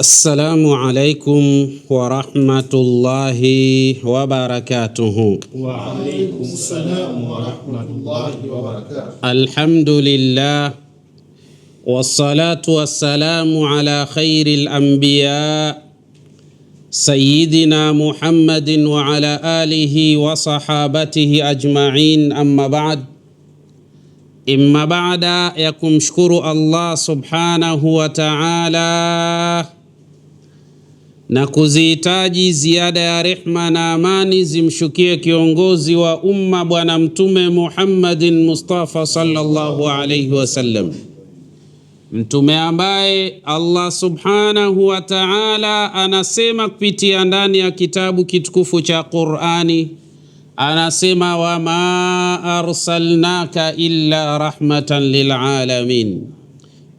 السلام عليكم ورحمة الله وبركاته وعليكم السلام ورحمة الله وبركاته الحمد لله والصلاة والسلام على خير الأنبياء سيدنا محمد وعلى آله وصحابته أجمعين أما بعد Imma baada ya kumshukuru Allah subhanahu wa ta'ala na kuzihitaji ziada ya rehma na amani zimshukie kiongozi wa umma Bwana Mtume Muhammadin Mustafa sallallahu alayhi wasallam, mtume ambaye Allah subhanahu wa ta'ala anasema kupitia ndani ya kitabu kitukufu cha Qur'ani anasema wama arsalnaka illa rahmatan lilalamin.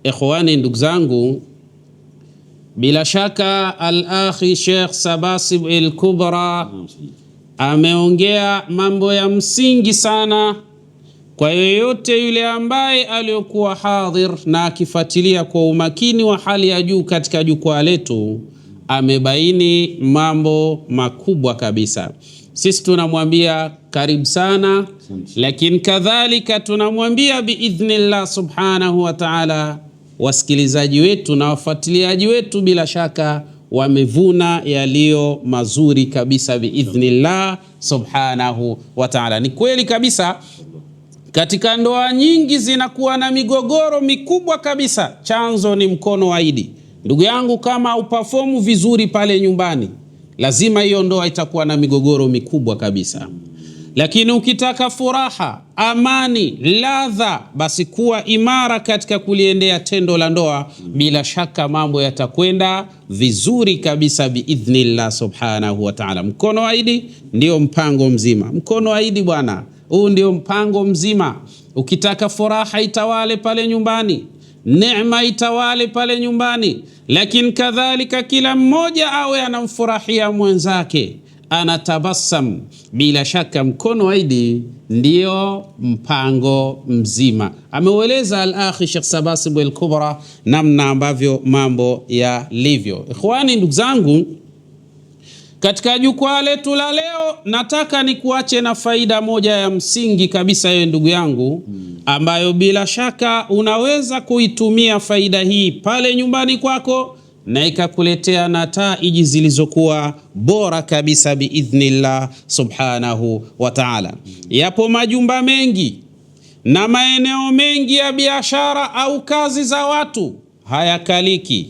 Ikhwani, ndugu zangu, bila shaka al-akhi Sheikh Sabasib al-Kubra ameongea mambo ya msingi sana kwa yoyote yule ambaye aliyokuwa hadhir na akifuatilia kwa umakini wa hali ya juu katika jukwaa letu, amebaini mambo makubwa kabisa sisi tunamwambia karibu sana, lakini kadhalika tunamwambia biidhnillah subhanahu wa taala. Wasikilizaji wetu na wafuatiliaji wetu bila shaka wamevuna yaliyo mazuri kabisa, biidhnillah subhanahu wa taala. Ni kweli kabisa, katika ndoa nyingi zinakuwa na migogoro mikubwa kabisa, chanzo ni mkono wa Idi. Ndugu yangu, kama upafomu vizuri pale nyumbani lazima hiyo ndoa itakuwa na migogoro mikubwa kabisa. Lakini ukitaka furaha, amani, ladha, basi kuwa imara katika kuliendea tendo la ndoa. Bila shaka mambo yatakwenda vizuri kabisa biidhnillah subhanahu wa taala. Mkono wa Idi ndio mpango mzima. Mkono wa Idi bwana, huu ndio mpango mzima. Ukitaka furaha itawale pale nyumbani neema itawale pale nyumbani, lakini kadhalika kila mmoja awe anamfurahia mwenzake, anatabasam Bila shaka mkono waidi ndio mpango mzima. Ameueleza al-akhi Sheikh Sabasi Bwel Kubra namna ambavyo mambo yalivyo. Ikhwani, ndugu zangu katika jukwaa letu la leo nataka nikuache na faida moja ya msingi kabisa, yeye ndugu yangu, hmm. ambayo bila shaka unaweza kuitumia faida hii pale nyumbani kwako na ikakuletea nataiji zilizokuwa bora kabisa biidhnillah subhanahu wa ta'ala. Hmm. Yapo majumba mengi na maeneo mengi ya biashara au kazi za watu hayakaliki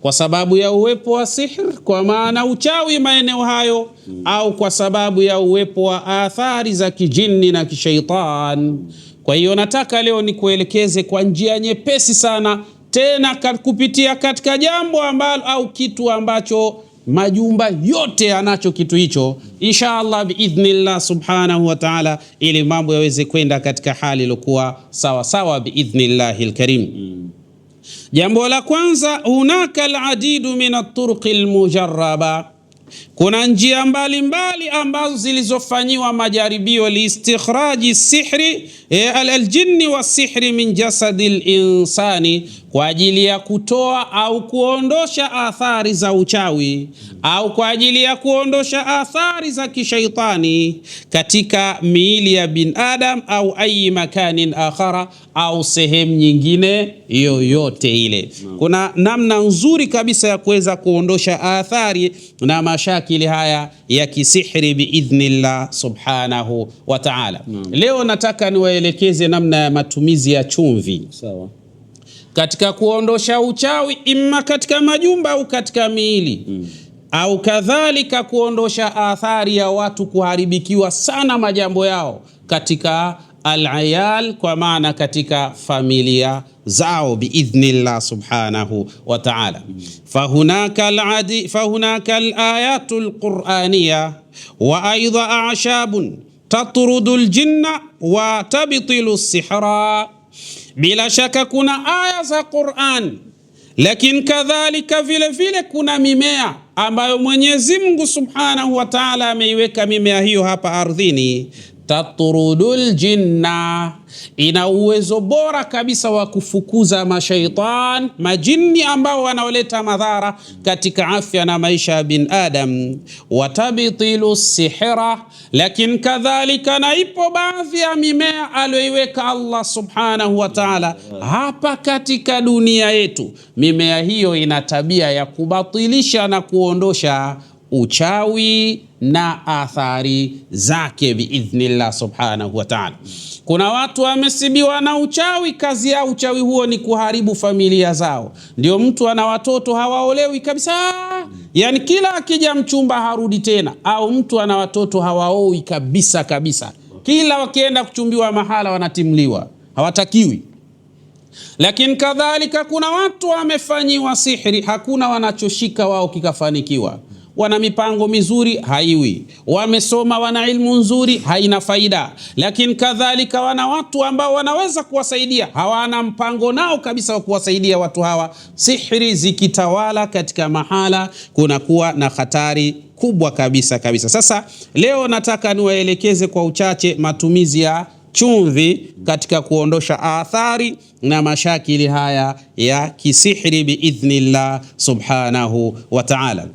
kwa sababu ya uwepo wa sihr, kwa maana uchawi maeneo hayo mm. au kwa sababu ya uwepo wa athari za kijini na kishaitan Kwa hiyo nataka leo nikuelekeze kwa njia nyepesi sana tena kupitia katika jambo ambalo au kitu ambacho majumba yote yanacho kitu hicho, insha Allah biidhnillah subhanahu wa ta'ala, ili mambo yaweze kwenda katika hali iliyokuwa sawasawa biidhnillahi lkarim. Jambo la kwanza, hunaka aladidu min aturuqi almujarraba, kuna njia mbalimbali mbali ambazo zilizofanyiwa majaribio liistikhraji sihri e, aljinni wa min jasadi linsani kwa ajili ya kutoa au kuondosha athari za uchawi au kwa ajili ya kuondosha athari za kishaitani katika miili ya binadam au ayi makanin akhara au sehemu nyingine yoyote ile. Kuna namna nzuri kabisa ya kuweza kuondosha athari na mashakili haya ya kisihri biidhnillah subhanahu wa ta'ala. Leo nataka niwaelekeze namna ya matumizi ya chumvi. Sawa katika kuondosha uchawi imma katika majumba au katika miili mm. au kadhalika kuondosha athari ya watu kuharibikiwa sana majambo yao katika alayal, kwa maana katika familia zao biidhnillah subhanahu wa ta'ala mm. fahunaka aladi fahunaka wa aidha ashabun tatrudu aljinna wa tabtilu sihra bila shaka kuna aya za Qur'an, lakini kadhalika vile vile kuna mimea ambayo Mwenyezi Mungu Subhanahu wa Ta'ala ameiweka mimea hiyo hapa ardhini tatrudul jinna, ina uwezo bora kabisa wa kufukuza mashaitan majini ambao wanaoleta madhara katika afya na maisha ya bin adam. Watabtilu sihira, lakini kadhalika na ipo baadhi ya mimea aliyoiweka Allah subhanahu wa ta'ala hapa katika dunia yetu. Mimea hiyo ina tabia ya kubatilisha na kuondosha uchawi na athari zake biidhnillah subhanahu wataala Kuna watu wamesibiwa na uchawi, kazi ya uchawi huo ni kuharibu familia zao. Ndio mtu ana watoto hawaolewi kabisa, yani kila akija mchumba harudi tena, au mtu ana watoto hawaoi kabisa kabisa, kila wakienda kuchumbiwa mahala wanatimliwa, hawatakiwi lakini kadhalika kuna watu wamefanyiwa sihri hakuna wanachoshika wao kikafanikiwa wana mipango mizuri haiwi, wamesoma wana ilmu nzuri haina faida. Lakini kadhalika wana watu ambao wanaweza kuwasaidia, hawana mpango nao kabisa wa kuwasaidia watu hawa. Sihri zikitawala katika mahala, kunakuwa na hatari kubwa kabisa kabisa. Sasa leo nataka niwaelekeze kwa uchache matumizi ya chumvi katika kuondosha athari na mashakili haya ya kisihri biidhnillah subhanahu wa ta'ala.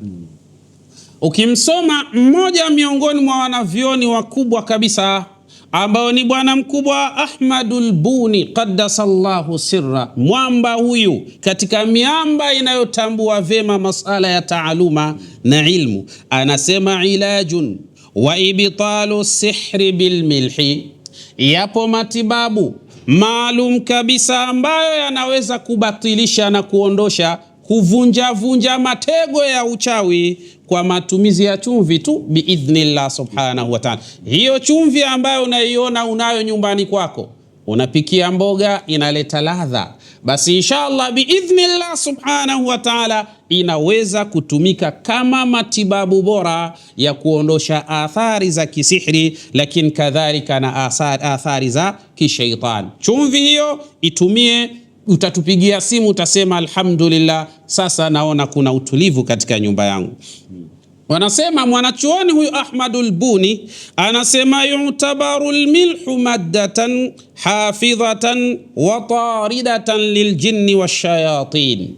Ukimsoma mmoja miongoni mwa wanavyoni wakubwa kabisa ambao ni bwana mkubwa Ahmadul Buni qaddasallahu sirra, mwamba huyu katika miamba inayotambua vyema masala ya taaluma na ilmu, anasema ilajun wa ibtalu sihri bilmilhi, yapo matibabu maalum kabisa ambayo yanaweza kubatilisha na kuondosha kuvunjavunja matego ya uchawi kwa matumizi ya chumvi tu biidhnillah subhanahu wa ta'ala. Hiyo chumvi ambayo unaiona unayo nyumbani kwako, unapikia mboga, inaleta ladha, basi inshallah biidhnillah subhanahu wa ta'ala inaweza kutumika kama matibabu bora ya kuondosha athari za kisihri, lakini kadhalika na athari za kisheitani. Chumvi hiyo itumie utatupigia simu utasema, alhamdulillah, sasa naona kuna utulivu katika nyumba yangu. Wanasema mwanachuoni huyu ahmadu Buni anasema yutabaru lmilhu maddatan hafidhatan wa taridatan liljinni washayatin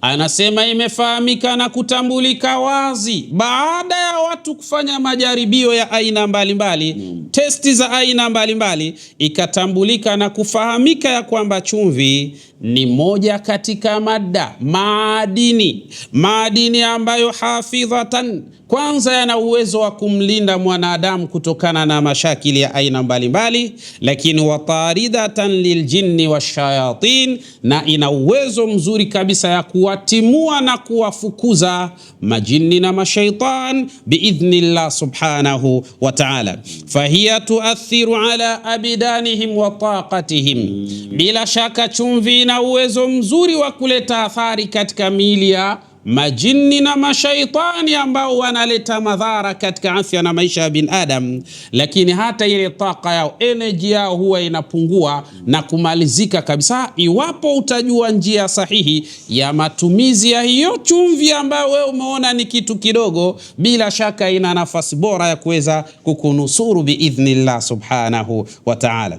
Anasema imefahamika na kutambulika wazi baada ya watu kufanya majaribio ya aina mbalimbali mm. testi za aina mbalimbali mbali, ikatambulika na kufahamika ya kwamba chumvi ni moja katika mada maadini, maadini ambayo hafidhatan, kwanza yana uwezo wa kumlinda mwanadamu kutokana na mashakili ya aina mbalimbali, lakini wataridatan liljinni washayatin, na ina uwezo mzuri kabisa ya kuwatimua na kuwafukuza majini na mashaitan biidhnillah subhanahu wa ta'ala. Fahiya tuathiru ala abidanihim wa taqatihim, bila shaka chumvi ina uwezo mzuri wa kuleta athari katika miili ya majini na mashaitani ambao wanaleta madhara katika afya na maisha ya binadam, lakini hata ile taka yao energy yao huwa inapungua na kumalizika kabisa, iwapo utajua njia sahihi ya matumizi ya hiyo chumvi ambayo wewe umeona ni kitu kidogo. Bila shaka ina nafasi bora ya kuweza kukunusuru biidhnillah subhanahu wa ta'ala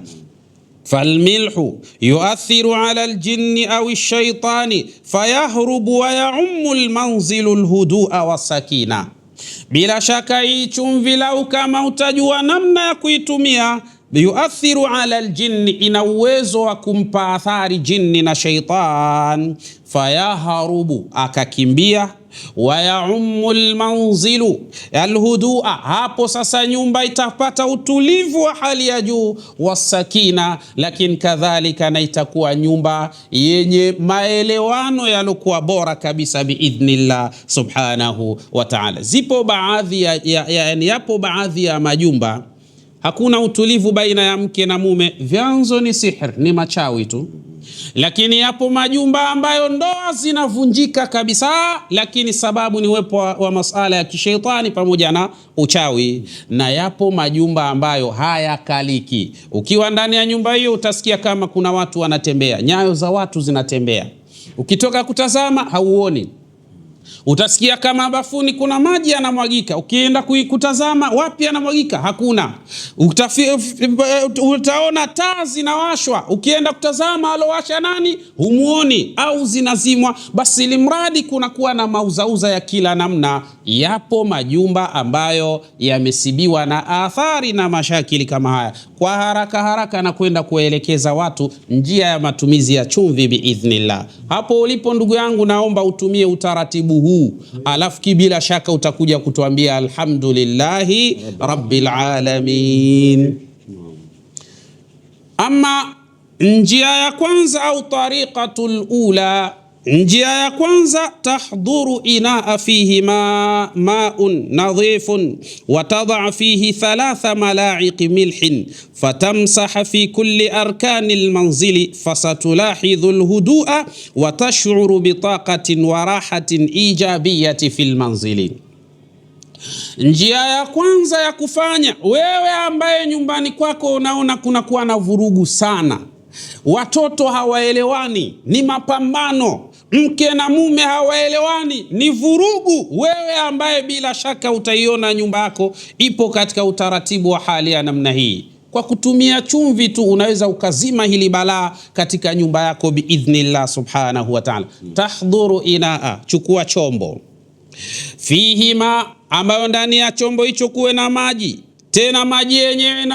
falmilhu yuathiru ala aljinni au shaitani fayahrubu wa yaumu lmanzilu lhudua wasakina. Bila shaka hii chumvi, lau kama utajua namna ya kuitumia yuathiru ala ljinni, ina uwezo wa kumpa athari jinni na shaitan. Fayahrubu, akakimbia wayaumu lmanzilu alhudua, hapo sasa nyumba itapata utulivu wa hali ya juu, wasakina, lakini kadhalika na itakuwa nyumba yenye maelewano yaliokuwa bora kabisa biidhnillah subhanahu wa ta'ala. Zipo baadhi ya, ya, ya, yapo baadhi ya majumba hakuna utulivu baina ya mke na mume, vyanzo ni sihir, ni machawi tu. Lakini yapo majumba ambayo ndoa zinavunjika kabisa, lakini sababu ni uwepo wa, wa masala ya kisheitani pamoja na uchawi, na yapo majumba ambayo hayakaliki. Ukiwa ndani ya nyumba hiyo utasikia kama kuna watu wanatembea, nyayo za watu zinatembea, ukitoka kutazama hauoni. Utasikia kama bafuni kuna maji yanamwagika, ukienda kutazama wapi yanamwagika hakuna. Utafi, eh, utaona taa zinawashwa, ukienda kutazama alowasha nani humuoni, au zinazimwa. Basi limradi kunakuwa na mauzauza ya kila namna. Yapo majumba ambayo yamesibiwa na athari na mashakili kama haya kwa haraka haraka na kwenda kuwaelekeza watu njia ya matumizi ya chumvi biidhnillah. Hapo ulipo ndugu yangu, naomba utumie utaratibu huu, alafu bila shaka utakuja kutuambia alhamdulillahi rabbil alamin. Ama njia ya kwanza au tariqatul ula Njia ya kwanza, tahdhuru inaa fihi ma maun nadhifun watadaa fihi thalatha malaiqi milhin fatamsaha fi kulli arkani lmanzili fasatulahidhu lhudua watashuru bitaqatin warahatin ijabiyati fi lmanzili. Njia ya kwanza ya kufanya, wewe ambaye nyumbani kwako unaona kunakuwa na vurugu sana, watoto hawaelewani, ni mapambano mke na mume hawaelewani, ni vurugu. Wewe ambaye bila shaka utaiona nyumba yako ipo katika utaratibu wa hali ya namna hii, kwa kutumia chumvi tu unaweza ukazima hili balaa katika nyumba yako biidhnillah subhanahu wa ta'ala. Hmm. Tahdhuru inaa, ah, chukua chombo fihima, ambayo ndani ya chombo hicho kuwe na maji tena maji yenyewe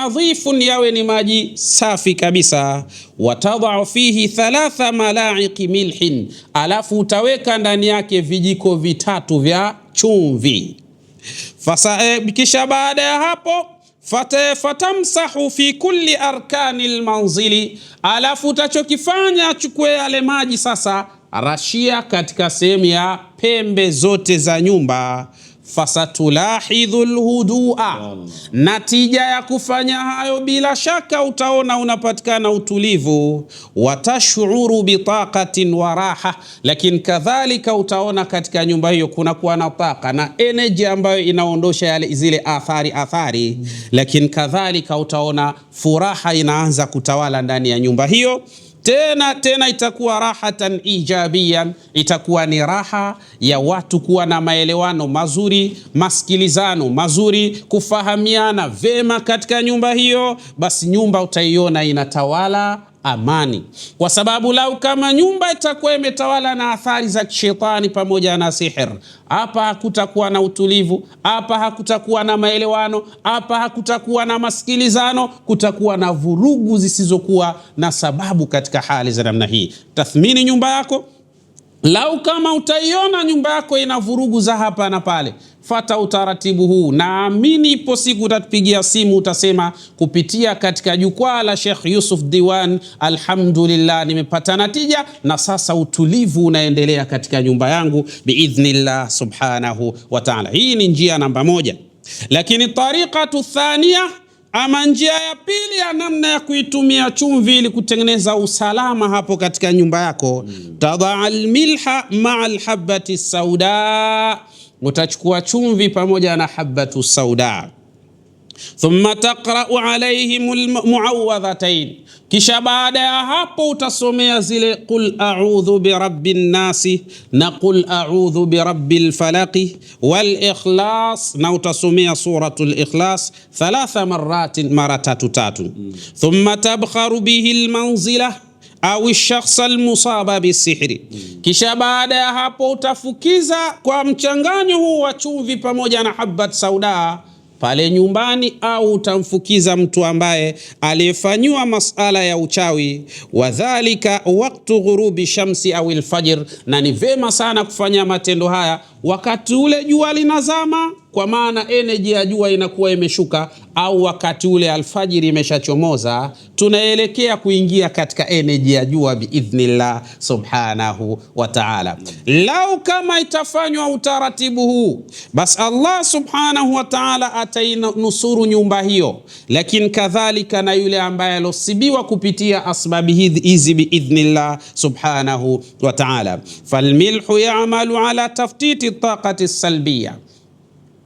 ni yawe ni maji safi kabisa. Watadau fihi thalatha malaiki milhin, alafu utaweka ndani yake vijiko vitatu vya chumvi. Fasa, e, kisha baada ya hapo fata, fatamsahu fi kulli arkani lmanzili, alafu utachokifanya chukue yale maji sasa, rashia katika sehemu ya pembe zote za nyumba fasatulahidhu lhudua, natija ya kufanya hayo bila shaka utaona unapatikana utulivu, watashuru bitaqatin wa raha. Lakini kadhalika utaona katika nyumba hiyo kunakuwa na taka na energy ambayo inaondosha yale zile athari athari, lakini kadhalika utaona furaha inaanza kutawala ndani ya nyumba hiyo tena tena, itakuwa rahatan ijabian, itakuwa ni raha ya watu kuwa na maelewano mazuri, masikilizano mazuri, kufahamiana vema katika nyumba hiyo, basi nyumba utaiona inatawala amani, kwa sababu lau kama nyumba itakuwa imetawala na athari za kishetani pamoja na sihir, hapa hakutakuwa na utulivu, hapa hakutakuwa na maelewano, hapa hakutakuwa na masikilizano, kutakuwa na vurugu zisizokuwa na sababu katika hali za namna hii. Tathmini nyumba yako, lau kama utaiona nyumba yako ina vurugu za hapa na pale Fata utaratibu huu, naamini ipo siku utatupigia simu, utasema kupitia katika jukwaa la shekh Yusuf Diwan, alhamdulillah nimepata natija, na sasa utulivu unaendelea katika nyumba yangu biidhnillah subhanahu wataala Hii ni njia namba moja, lakini tariqatu thania ama njia ya pili ya namna ya kuitumia chumvi ili kutengeneza usalama hapo katika nyumba yako, mm. tadaa almilha maa lhabati sauda utachukua chumvi pamoja na habatu sauda thumma taqra'u alayhim almu'awwadhatayn, kisha baada ya hapo utasomea zile qul a'udhu birabbin nasi na qul a'udhu birabbil falaqi wal ikhlas, na utasomea suratul ikhlas thalatha maratin, mara tatu tatu. Thumma tabkharu bihi almanzila au shakhsa almusaba bisihri. Kisha baada ya hapo utafukiza kwa mchanganyo huu wa chumvi pamoja na habat sauda pale nyumbani, au utamfukiza mtu ambaye aliyefanyiwa masala ya uchawi. Wadhalika waktu ghurubi shamsi au alfajr, na ni vema sana kufanya matendo haya wakati ule jua linazama kwa maana eneji ya jua inakuwa imeshuka, au wakati ule alfajiri imeshachomoza, tunaelekea kuingia katika eneji ya jua biidhnillah subhanahu wa ta'ala. Lau kama itafanywa utaratibu huu, basi Allah subhanahu wataala atainusuru nyumba hiyo, lakini kadhalika na yule ambaye alosibiwa kupitia asbabi hizi biidhnillah subhanahu wataala Falmilhu ya'malu ala taftiti taqati salbiya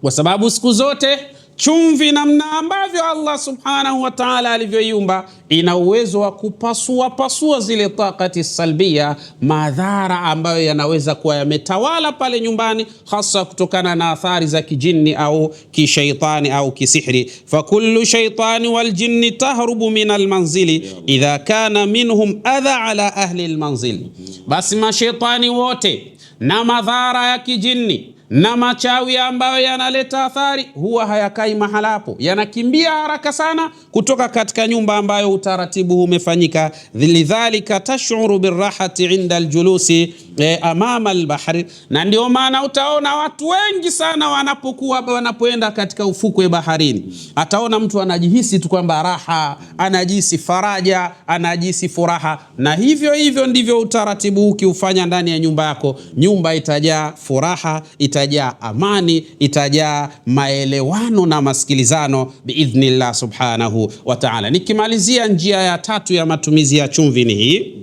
kwa sababu siku zote chumvi, namna ambavyo Allah subhanahu wa ta'ala alivyoiumba, ina uwezo wa kupasua pasua zile takati salbia, madhara ambayo yanaweza kuwa yametawala pale nyumbani, hasa kutokana na athari za kijini au kishaitani au kisihri. fa kullu shaitani wal jinni tahrubu min almanzili idha kana minhum adha ala ahli almanzili, basi mashaitani wote na madhara ya kijini na machawi ambayo yanaleta athari huwa hayakai mahala hapo, yanakimbia haraka sana kutoka katika nyumba ambayo utaratibu umefanyika. Lidhalika tashuru birahati inda aljulusi e, amama albahri. Na ndio maana utaona watu wengi sana wanapokuwa wanapoenda katika ufukwe baharini, ataona mtu anajihisi tu kwamba raha, anajihisi faraja, anajihisi furaha. Na hivyo hivyo ndivyo utaratibu ukiufanya ndani ya nyumba yako, nyumba itajaa furaha ita itajaa amani, itajaa maelewano na masikilizano biidhnillah subhanahu wa ta'ala. Nikimalizia, njia ya tatu ya matumizi ya chumvi ni hii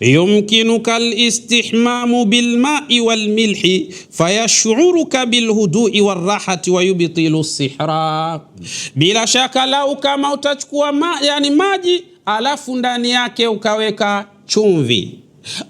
yumkinuka alistihmamu bilmai walmilhi fayashuruka bilhudui warahati wayubtilu sihra. Bila shaka lau kama utachukua ma, yani maji alafu ndani yake ukaweka chumvi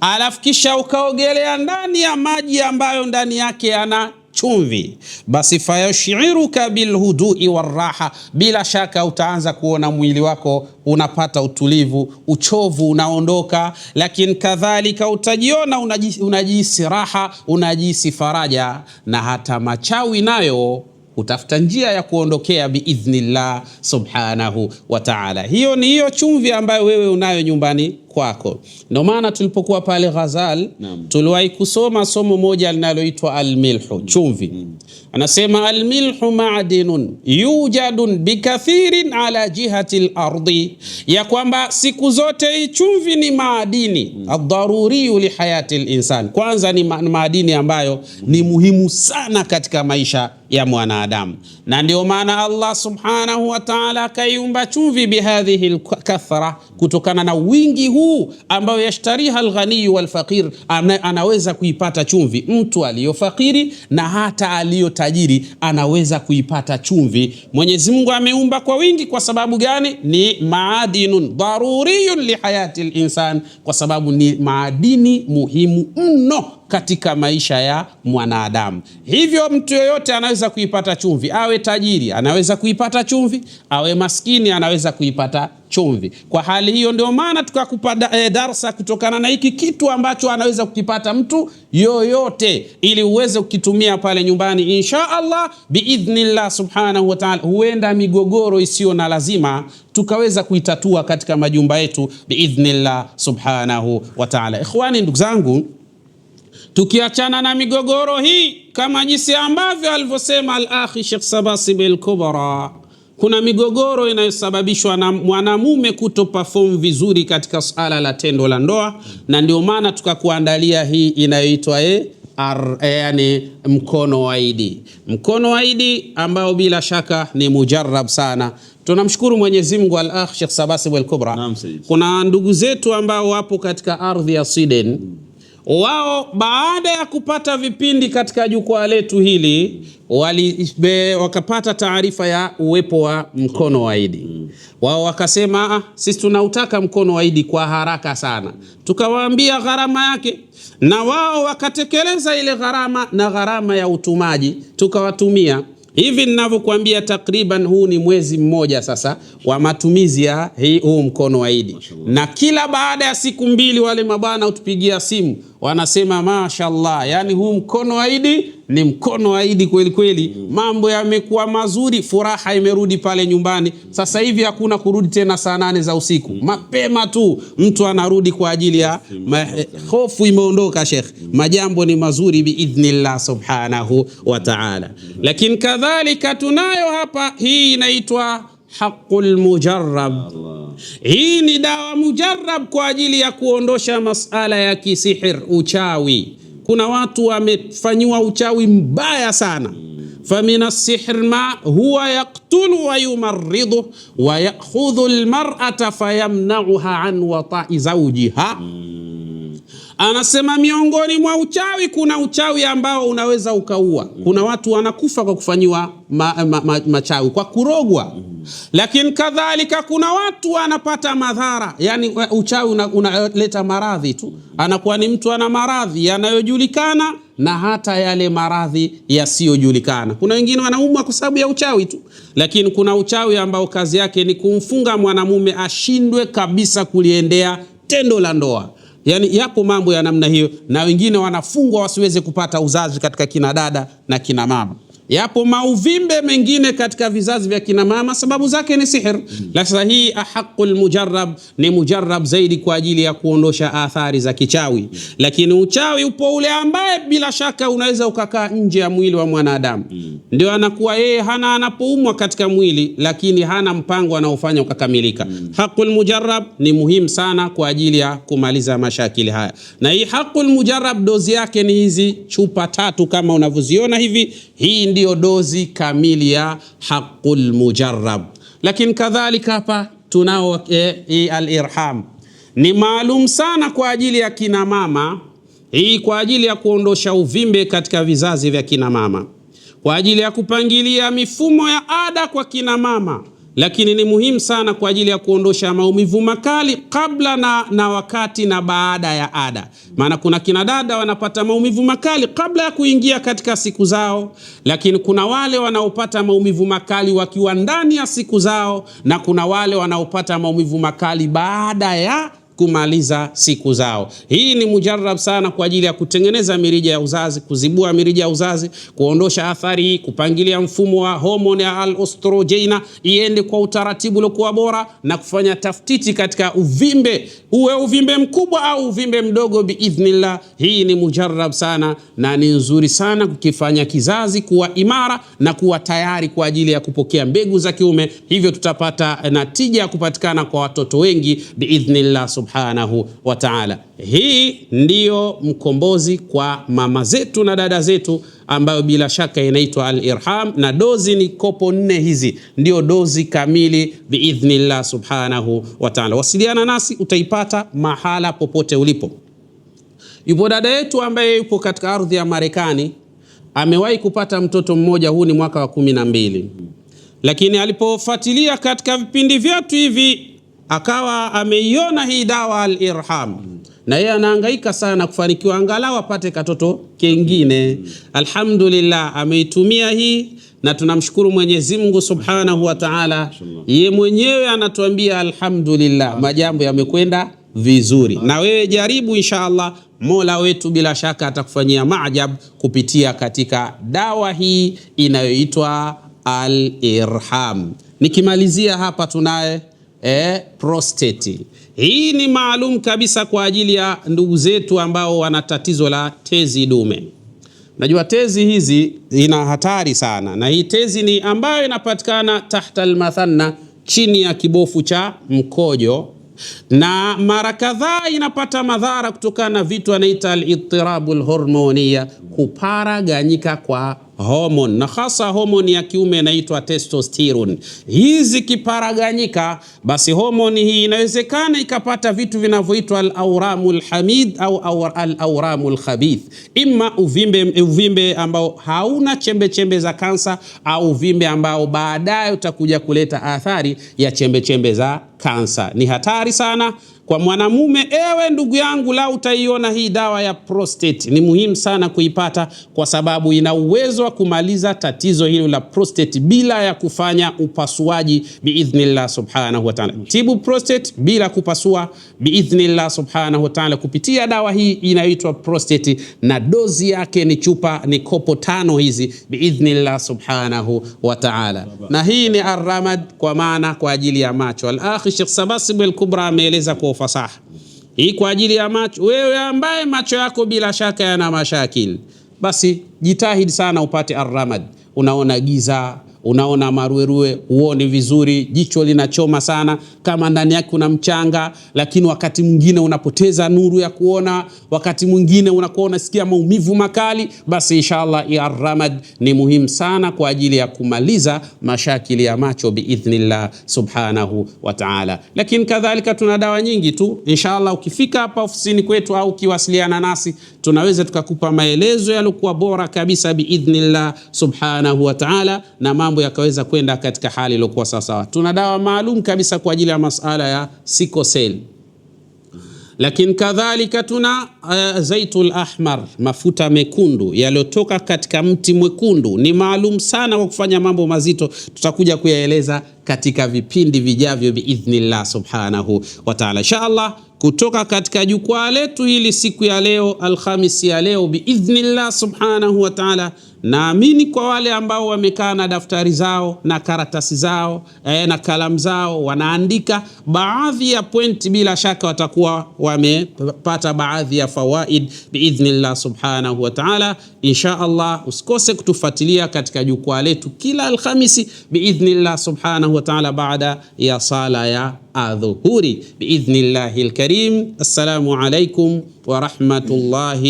alafu kisha ukaogelea ndani ya maji ambayo ndani yake yana chumvi, basi fayashiruka bilhudui waraha, bila shaka utaanza kuona mwili wako unapata utulivu, uchovu unaondoka. Lakini kadhalika utajiona unajihisi raha, unajihisi faraja, na hata machawi nayo utafuta njia ya kuondokea biidhnillah subhanahu wa taala. Hiyo ni hiyo chumvi ambayo wewe unayo nyumbani kwako. Ndio maana tulipokuwa pale Ghazal tuliwahi kusoma somo moja linaloitwa almilhu, chumvi. Mm. Anasema almilhu madinun yujadun bikathirin ala jihati lardi, ya kwamba siku zote hii chumvi ni maadini mm. adharuriyu lihayati linsan, kwanza ni maadini ambayo ni muhimu sana katika maisha ya mwanadamu, na ndio maana Allah subhanahu wa ta'ala akaiumba chumvi bihadhihi lkathra, kutokana na wingi huu huu ambayo yashtariha lghaniyu walfaqir, anaweza kuipata chumvi mtu aliyofakiri na hata aliyotajiri anaweza kuipata chumvi. Mwenyezi Mungu ameumba kwa wingi. Kwa sababu gani? Ni maadinun daruriyun lihayati linsan, kwa sababu ni maadini muhimu mno katika maisha ya mwanadamu. Hivyo mtu yoyote anaweza kuipata chumvi, awe tajiri anaweza kuipata chumvi, awe maskini anaweza kuipata chumvi. Kwa hali hiyo, ndio maana tukakupa e, darsa kutokana na hiki kitu ambacho anaweza kukipata mtu yoyote, ili uweze kukitumia pale nyumbani, insha Allah biidhnillah subhanahu wa ta'ala. Huenda migogoro isiyo na lazima tukaweza kuitatua katika majumba yetu biidhnillah subhanahu wa ta'ala. Ikhwani, ndugu zangu Tukiachana na migogoro hii kama jinsi ambavyo alivyosema al-akhi Sheikh Sabasib al-Kubra, kuna migogoro inayosababishwa na mwanamume kuto perform vizuri katika swala la tendo la ndoa, na ndio maana tukakuandalia hii inayoitwa e, yani mkono wa Idi, mkono wa Idi ambao bila shaka ni mujarab sana. Tunamshukuru Mwenyezi Mungu al-akhi Sheikh Sabasib al-Kubra. Kuna ndugu zetu ambao wapo katika ardhi ya Sweden wao baada ya kupata vipindi katika jukwaa letu hili wali, be, wakapata taarifa ya uwepo wa mkono wa Idi. Wao wakasema ah, sisi tunautaka mkono wa Idi kwa haraka sana, tukawaambia gharama yake, na wao wakatekeleza ile gharama na gharama ya utumaji tukawatumia hivi ninavyokuambia, takriban huu ni mwezi mmoja sasa wa matumizi ya huu mkono wa Idi, na kila baada ya siku mbili wale mabwana hutupigia simu wanasema mashallah, yani huu mkono wa Idi ni mkono wa Idi kweli kweli. Mambo yamekuwa mazuri, furaha imerudi pale nyumbani. Sasa hivi hakuna kurudi tena saa nane za usiku. Mapema tu mtu anarudi kwa ajili ya eh, hofu imeondoka, Sheikh. Majambo ni mazuri biidhnillah subhanahu wa ta'ala. Lakini kadhalika tunayo hapa, hii inaitwa haqqul mujarrab. Hii ni dawa mujarrab kwa ajili ya kuondosha masala ya kisihir, uchawi. Kuna watu wamefanyiwa uchawi mbaya sana hmm. famin asihr ma huwa yaktulu wa yumaridhu wa yakhudhu lmarata fayamnauha an watai zaujiha. Hmm. Anasema miongoni mwa uchawi kuna uchawi ambao unaweza ukaua. Kuna hmm. watu wanakufa kwa kufanyiwa ma, ma, ma, machawi kwa kurogwa. Mm. Lakini kadhalika kuna watu wanapata madhara, yani uchawi unaleta una maradhi tu, anakuwa ni mtu ana maradhi yanayojulikana na hata yale maradhi yasiyojulikana. Kuna wengine wanaumwa kwa sababu ya uchawi tu, lakini kuna uchawi ambao kazi yake ni kumfunga mwanamume ashindwe kabisa kuliendea tendo la ndoa. Yani yapo mambo ya namna hiyo, na wengine wanafungwa wasiweze kupata uzazi katika kina dada na kina mama. Yapo mauvimbe mengine katika vizazi vya kina mama, sababu zake ni sihir. Mm-hmm. Sasa hii ahaqul mujarrab ni mujarrab zaidi kwa ajili ya kuondosha athari za kichawi, mm-hmm. lakini uchawi upo ule ambaye bila shaka unaweza ukakaa nje ya mwili wa mwanadamu, mm-hmm. ndio anakuwa yeye hana anapoumwa katika mwili, lakini hana mpango anaofanya ukakamilika. Haqul mujarrab ni muhimu sana kwa ajili ya kumaliza mashakili haya, na hii haqul mujarrab dozi yake ni hizi chupa tatu kama unavyoziona hivi. Hii ndio dozi kamili ya haqul mujarrab. Lakini kadhalika hapa tunao eh, alirham ni maalum sana kwa ajili ya kina mama, hii kwa ajili ya kuondosha uvimbe katika vizazi vya kina mama, kwa ajili ya kupangilia mifumo ya ada kwa kina mama lakini ni muhimu sana kwa ajili ya kuondosha maumivu makali kabla na, na wakati na baada ya ada. Maana kuna kina dada wanapata maumivu makali kabla ya kuingia katika siku zao, lakini kuna wale wanaopata maumivu makali wakiwa ndani ya siku zao, na kuna wale wanaopata maumivu makali baada ya kumaliza siku zao. Hii ni mujarab sana kwa ajili ya kutengeneza mirija ya uzazi, kuzibua mirija ya uzazi, kuondosha athari, kupangilia mfumo wa homoni ya al-ostrojena iende kwa utaratibu uliokuwa bora, na kufanya taftiti katika uvimbe, uwe uvimbe mkubwa au uvimbe mdogo, biidhnillah. Hii ni mujarab sana na ni nzuri sana kukifanya kizazi kuwa imara na kuwa tayari kwa ajili ya kupokea mbegu za kiume, hivyo tutapata natija ya kupatikana kwa watoto wengi biidhnillah subhanahu wa ta'ala. Hii ndiyo mkombozi kwa mama zetu na dada zetu, ambayo bila shaka inaitwa al-irham, na dozi ni kopo nne. Hizi ndio dozi kamili biidhnillah subhanahu wa ta'ala. Wasiliana nasi utaipata mahala popote ulipo. Yupo dada yetu ambaye yupo katika ardhi ya Marekani, amewahi kupata mtoto mmoja, huu ni mwaka wa kumi na mbili, lakini alipofuatilia katika vipindi vyetu hivi akawa ameiona hii dawa al irham na yeye anahangaika sana kufanikiwa angalau apate katoto kengine. Alhamdulillah, ameitumia hii na tunamshukuru Mwenyezi Mungu Subhanahu wa Ta'ala. Ye mwenyewe anatuambia alhamdulillah, majambo yamekwenda vizuri. Na wewe jaribu, insha Allah, Mola wetu bila shaka atakufanyia maajabu kupitia katika dawa hii inayoitwa al irham Nikimalizia hapa tunaye eh, prostate. Hii ni maalum kabisa kwa ajili ya ndugu zetu ambao wana tatizo la tezi dume. Najua tezi hizi ina hatari sana, na hii tezi ni ambayo inapatikana tahta almathanna, chini ya kibofu cha mkojo, na mara kadhaa inapata madhara kutokana na vitu anaita al-ittirabu alhormonia, kuparaganyika kwa homoni na hasa homoni ya kiume inaitwa testosterone. Hizi zikiparaganyika, basi homoni hii inawezekana ikapata vitu vinavyoitwa alauramul hamid au alauramul khabith, imma uvimbe, uvimbe ambao hauna chembe chembe za kansa au uvimbe ambao baadaye utakuja kuleta athari ya chembe chembe za kansa. Ni hatari sana kwa mwanamume. Ewe ndugu yangu, la utaiona hii dawa ya prostate, ni muhimu sana kuipata kwa sababu ina uwezo wa kumaliza tatizo hilo la prostate bila ya kufanya upasuaji, biidhnillah subhanahu wa ta'ala. Tibu prostate bila kupasua, biidhnillah subhanahu wa ta'ala, kupitia dawa hii inayoitwa prostate, na dozi yake ni chupa, ni kopo tano hizi, biidhnillah subhanahu wa ta'ala. Na hii ni arramad, kwa maana kwa ajili ya macho. Al-akhi Sheikh Sabasib al-Kubra ameeleza kwa fasaha. Hii kwa ajili ya macho, wewe ambaye macho yako bila shaka yana mashakil, basi jitahidi sana upate arramad, unaona giza unaona maruerue, huoni vizuri, jicho linachoma sana, kama ndani yake una mchanga. Lakini wakati mwingine unapoteza nuru ya kuona, wakati mwingine unakuwa unasikia maumivu makali. Basi inshallah ya ramad ni muhimu sana kwa ajili ya kumaliza mashakili ya macho biidhnillah subhanahu wa ta'ala. Lakini kadhalika tuna dawa nyingi tu, inshallah ukifika hapa ofisini kwetu au ukiwasiliana nasi, tunaweza tukakupa maelezo yaliokuwa bora kabisa biidhnillah subhanahu wa ta'ala na mambo yakaweza kwenda katika hali iliyokuwa sawasawa. Tuna dawa maalum kabisa kwa ajili ya masala ya cell. lakini kadhalika tuna uh, zaitul ahmar, mafuta mekundu yaliyotoka katika mti mwekundu, ni maalum sana kwa kufanya mambo mazito. Tutakuja kuyaeleza katika vipindi vijavyo biidhnillah subhanahu wa ta'ala, inshallah kutoka katika jukwaa letu hili siku ya leo Alhamisi ya leo biidhnillah subhanahu wa ta'ala Naamini kwa wale ambao wamekaa na daftari zao na karatasi zao eh, na kalamu zao wanaandika baadhi ya pointi, bila shaka watakuwa wamepata baadhi ya fawaid biidhnillah subhanahu wa ta'ala. Insha Allah usikose kutufuatilia katika jukwaa letu kila Alhamisi biidhnillah subhanahu wa ta'ala baada ya sala ya adhuhuri biidhnillahil karim. Assalamu alaikum ورحمة الله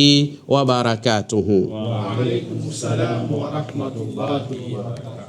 وبركاته وعليكم السلام ورحمة الله وبركاته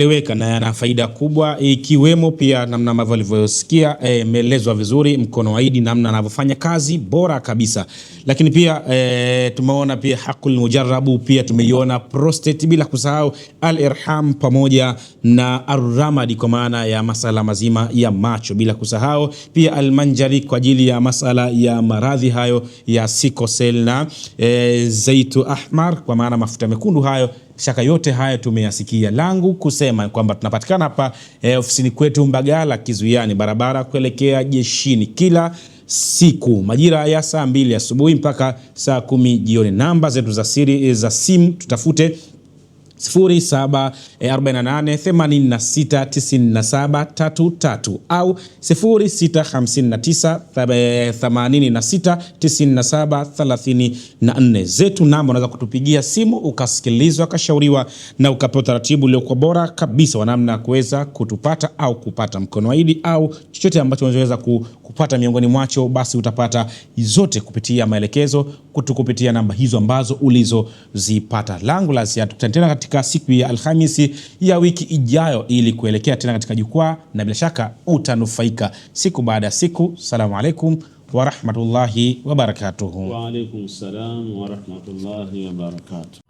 leweka na yana faida kubwa ikiwemo pia namna ambavyo alivyosikia eh, imeelezwa e, vizuri mkono waidi namna anavyofanya kazi bora kabisa, lakini pia e, tumeona pia hakul mujarabu pia tumeiona prostate, bila kusahau al irham pamoja na arramadi kwa maana ya masala mazima ya macho, bila kusahau pia almanjari kwa ajili ya masala ya maradhi hayo ya sikosel na e, zaitu ahmar kwa maana mafuta mekundu hayo Shaka yote haya tumeyasikia, langu kusema kwamba tunapatikana hapa eh, ofisini kwetu Mbagala Kizuiani, barabara kuelekea jeshini kila siku majira ya saa mbili asubuhi mpaka saa kumi jioni. Namba zetu za siri za simu tutafute 0748869733 eh, au 0659869734 zetu namba, unaweza kutupigia simu ukasikilizwa, ukashauriwa na ukapewa utaratibu uliokuwa bora kabisa wa namna ya kuweza kutupata au kupata mkono waidi au chochote ambacho unaweza kupata miongoni mwacho, basi utapata zote kupitia maelekezo kutu kupitia namba hizo ambazo ulizozipata. langu la ziada, tukutane tena katika katika siku ya Alhamisi ya wiki ijayo ili kuelekea tena katika jukwaa, na bila shaka utanufaika siku baada ya siku. Salamu alaikum warahmatullahi wabarakatuhu. Wa alaikum salam warahmatullahi